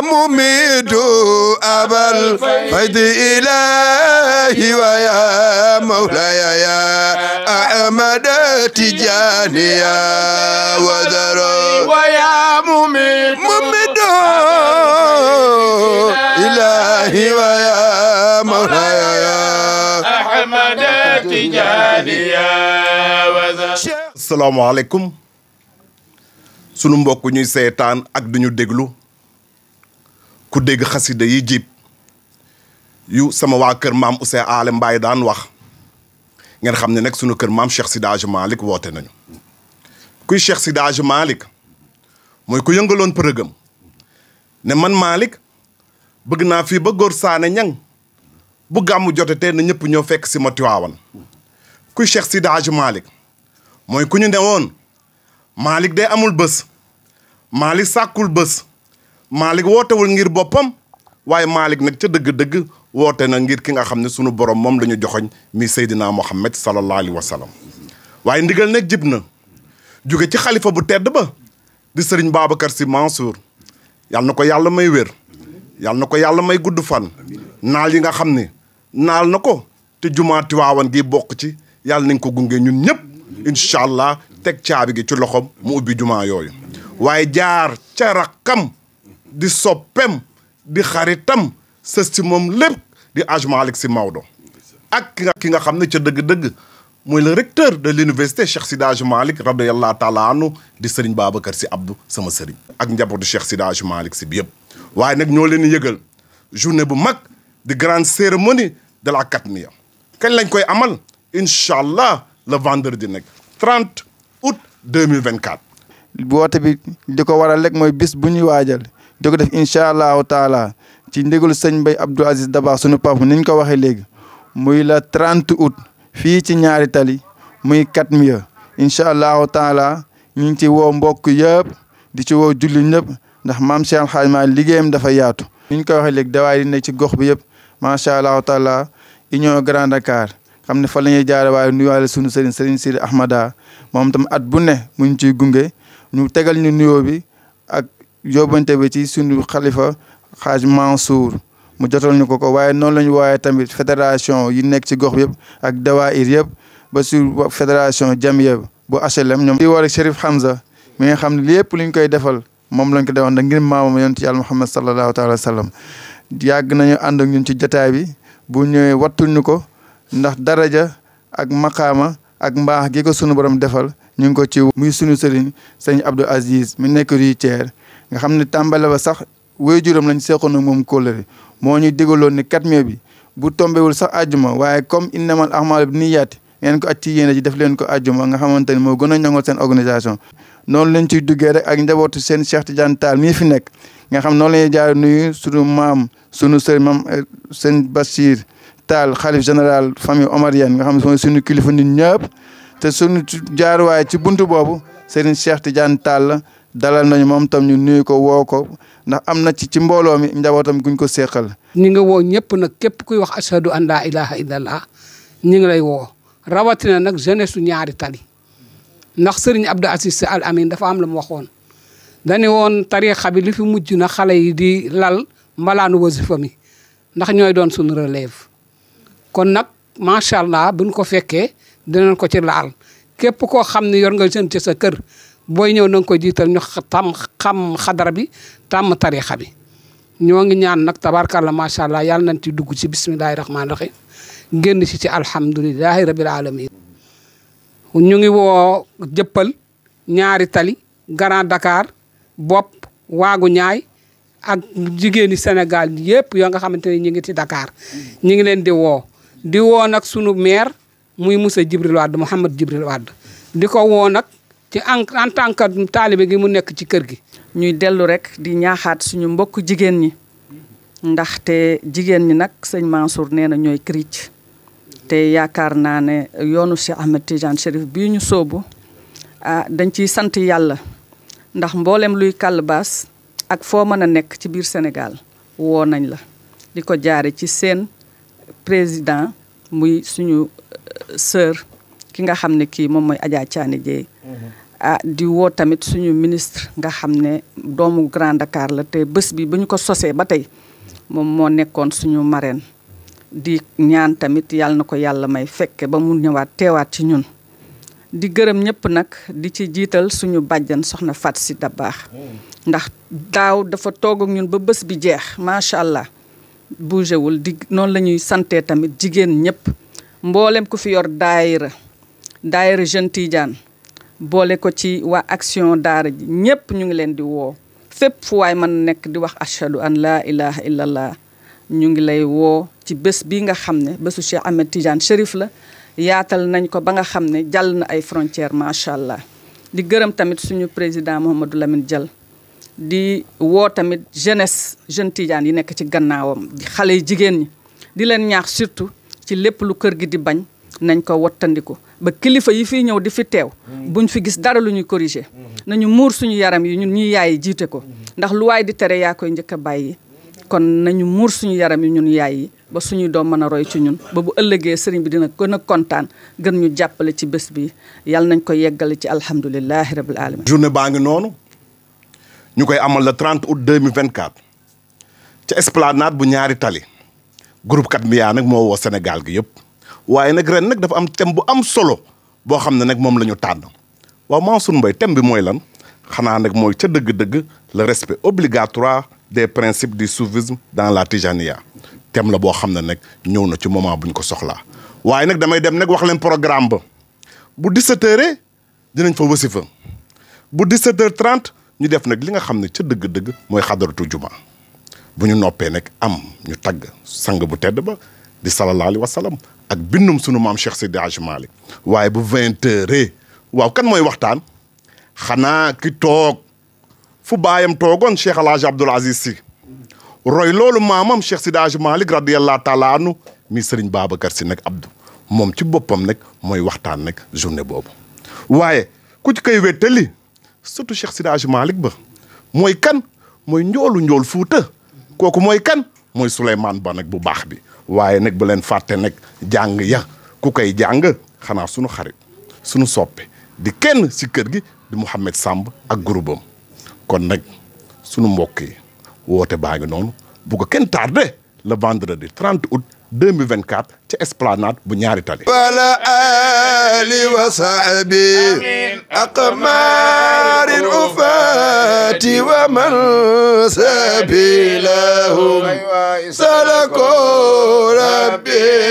مميت أبا الفيض إلهي ويا مولاي يا أحمد تجانيا وذرو ويا مميت مميت إلهي ويا مولاي يا أحمد تجانيا وذرو السلام عليكم sunu mbokk ñuy seetaan ak duñu déglu ku dégg xasida yi jiib yu sama waa kër maam Ousseyn Aale Mbaye daan wax ngeen xam ne nag sunu kër maam Cheikh Sida Hadj woote nañu. kuy Cheikh Sida Hadj mooy ku yëngaloon përëgam ne man Malick bëgg naa fii ba góor saane ñang bu gàmmu jote tee na ñëpp ñoo fekk si ma Tiwaawan kuy Cheikh mooy ku ñu ne woon malik day amul bés Malick sàkkul bés. Malick wootewul ngir boppam waaye Malick nag ca dëgg-dëgg woote na ngir ki nga xam ne sunu borom moom la joxoñ mi Seydina Mohamed sallallahu alayhi wa sallam waaye ndigal nag jib na jóge ci xalifa bu tedd ba di sëriñ Babacar Sy Mansour yàlla na ko yàlla may wér yàlla na ko yàlla may gudd fan naal yi nga xam ne naal na ko te jumaa Tiwaawan gi bokk ci yàlla nañ ko gunge ñun ñëpp incha allah teg caabi gi ci loxom mu ubbi jumaa yooyu waaye jaar ca rakkam di soppem di xaritam sës ci moom lépp di Hadj Malick Sy Maodo ak ki nga ki nga xam ne ca dëgg-dëgg mooy le recteur de l'université Cheikh Seydi Hadji Malick radiyallahu taala anhu di Serigne Babacar Sy Abdou sama sëriñ ak njabootu Cheikh Seydi Hadji Malick si bi yëpp waaye nag ñoo leen yëgal journée bu mag di grande cérémonie de la Katmiya kañ lañ koy amal incha allah le vendredi nag 30 août 2024 woote bi di ko waral lek mooy bis bu ñuy waajal di def incha allahu taala ci ndigalu sëñ Mbaye Abdou Aziz Dabakh sunu papa niñ ko waxee léegi muy la 30 out fii ci ñaari tali muy Katmiya incha allahu taala ñu ngi ci woo mbokk yëpp di ci woo julli ñëpp ndax maam Cheikh Al Hadj Malick liggéeyam dafa yaatu. ni ñu koy waxe léegi dawaay di ci gox bi yëpp macha allahu taala union Grand Dakar xam ne fa la ñuy jaare waaye nuyuwaale sunu sëriñ sëriñ Sidi Ahmada moom tam at bu ne mu ciy gunge ñu tegal ñu nuyoo yóbbante bi ci suñu xalifa xaaj Mansour mu jotal ko ko waaye noonu la waaye tamit fédération yi nekk ci gox yëpp ak dawaayir yëpp ba sur fédération jamiya bu HLM ñoom di war ak Chérif Hamza mi nga xam ne lépp lu koy defal moom lañ ko defoon da ngir maamam yonent yàlla Muhammad sallallahu taala wa yàgg nañu ànd ak ñun ci jotaay bi bu ñëwee wattul ko ndax daraja ak maqaama ak mbaax gi ko sunu borom defal ñu ngi ko ci muy suñu sëriñ sëñ Abdou Aziz mi nekk rue Thiers nga xam ne tàmbale ba sax waajuram lañ seexoon ak moom kóllëre moo ñu digaloon ne 4 mai bi bu tombewul sax ajuma waaye comme innamal a'maalu binniyaati ngeen ko at ci yéene ji def leen ko ajuma nga xamante ni moo gën a ñoŋal seen organisation noonu lañ ciy duggee rek ak seen Cheikh Tidiane Tall mii fi nekk nga xam noon la ñuy jaar nuyu sunu maam sunu sëriñ maam eh, sëñ Bachir Tall xalif général famille Omarienne nga xam ne mooy sunu kilifa nit ñëpp te sunu jaaruwaay ci buntu boobu sëriñ Cheikh Tidiane Tall dalal nañu moom tam ñu nuyu ko woo ko ndax am na ci ci mbooloo mi njabootam guñ ko seeqal ñi nga woo ñëpp nag képp kuy wax ashadu an laa ilaha illallah ñi ngi lay woo rawatina nag jeunesse su ñaari tali ndax sëriñ Abdou Aziz Sy Al dafa am lu mu waxoon dañu woon tariixa bi li fi mujj na xale yi di lal mbalaanu wasifa mi ndax ñooy doon suñu relève kon nag macha allah buñ ko fekkee dinañ ko ci laal képp koo xam ne yor nga jeune ci sa kër boy ñew nang koy jital ñu tam xam xadar bi tam tariixa bi ñoo ngi ñaan nak tabarakallah ma sha Allah yalla nanti dugg ci bismillahir rahmanir rahim genn ci ci alhamdulillahi rabbil alamin ñu ngi wo jeppal ñaari tali grand dakar bop wagu ñaay ak jigéeni Senegal yépp yo nga xamanteni ñi ngi ci dakar ñi ngi leen di wo di wo nak sunu maire muy musa jibril wad mohammed jibril wad diko wo nak ci en en tant que gi mu nekk ci kër gi. ñuy dellu rek di ñaaxaat suñu mbokk jigéen ñi ndaxte jigéen ñi nag sëñ Mansour nee na ñooy cric te yaakaar naa ne yoonu Cheikh Ahmed Tidiane Chérif bii ñu soobu ah dañ ciy sant yàlla ndax mboolem luy kàllbaas ak foo mën a nekk ci biir Sénégal woo nañ la di ko jaare ci seen président muy suñu euh, sœur ki nga xam ne kii moom mooy Adja Thiané Dieye mhm. Ah, di wo tamit suñu ministre nga xam doomu Grand Dakar la te bëss bi buñ ko sossé ba tay mom mo nekkon suñu marraine di ñaan tamit yal nako yalla may fekke ba mu ñëwaat téwaat ci ñun di gërëm ñëpp nak di ci jital suñu bàjjan soxna fatsi dabax ndax daw dafa togg ak ñun ba bëss bi jeex sha allah wul di non lañuy santé tamit jigen ñëpp mboolem ku fi yor daayira daayira jeune Tidiane boole ko ci waa action daara ji ñépp ñu ngi leen di woo fépp fu man nekk di wax ashhadu an la ilaha illallah ñu ngi lay woo ci bés bi nga xam ne bésu cheikh ahmed tidiane sherif la yaatal nañ ko ba nga xam ne jàll na ay frontière macha allah di gërëm tamit suñu président mohamadou lamine jal di woo tamit jeunesse jeune tidiane yi nekk ci gannaawam xale yi jigéen ñi di leen ñaax surtout ci lépp lu kër gi di bañ nañ ko wattandiku ba kilifa yi fi ñëw di fi teew mm-hmm. buñ fi gis dara lu ñuy corriger mm-hmm. nañu muur suñu yaram yi ñun ñuy yaay jiite ko mm-hmm. ndax lu waay di tere yaa koy njëkk a bàyyi kon nañu muur suñu yaram yi ñun yaay yi ba suñuy doom mën a roy ci ñun ba bu ëllëgee sëriñ bi dina gën a kontaan gën ñu jàppale ci bés bi yàlla nañ ko yeggale ci alhamdulilahi rabil alamin journée baa ngi noonu ñu koy amal le 30 août 2024 ca esplanade bu ñaari tali groupe Katmiya nag moo woo Sénégal gi yëpp waaye nak ren nak dafa am thème bu am solo bo xam nak mom lañu la wa tànn waaw Mansour Mbaye thème bi moy lan xana nak moy ca deug deug le respect obligatoire des principes du soufisme dans la Tijaniya thème la bo xam nak nag na ci moment buñ ko soxla waaye nak damay dem nak wax leen programme ba bu 17h dinañ fa fa bu 17h30 ñu def nak li nga xam ne deug deug moy khadratu xadaratu juma bu ñu noppee am ñu tag sang bu tedd ba di sallallahu alayhi wa sallam ak bindum sunu maam Cheikh Seydi Hadji Malick waaye bu vingt heures waaw kan mooy waxtaan xanaa ki toog fu baayam toogoon Cheikh El Hadj Abdoul Aziz Sy roy loolu maamam Cheikh Seydi Hadji Malick radiyallahu taala anu mi sëriñ Babacar Sy nag Abdou moom ci boppam nag mooy waxtaan nag journée boobu waaye ku ci koy wettali surtout Cheikh Seydi Hadji Malick ba mooy kan mooy njoolu njool fuuta kooku mooy kan mooy Souleymane Ba nag bu baax bi waaye nag bu leen fàtte nag jàng ya ku koy jàng xanaa sunu xarit sunu soppe di kenn si kër gi di Mouhamed sàmb ak groupam kon nag sunu mbokk yi woote baa ngi noonu bu ko kenn tardé le vendredi 30 août 2024 ci esplanade bu ñaari tali wala ali wa sahbi aqmarin ufati wa man sabilahum salako rabbi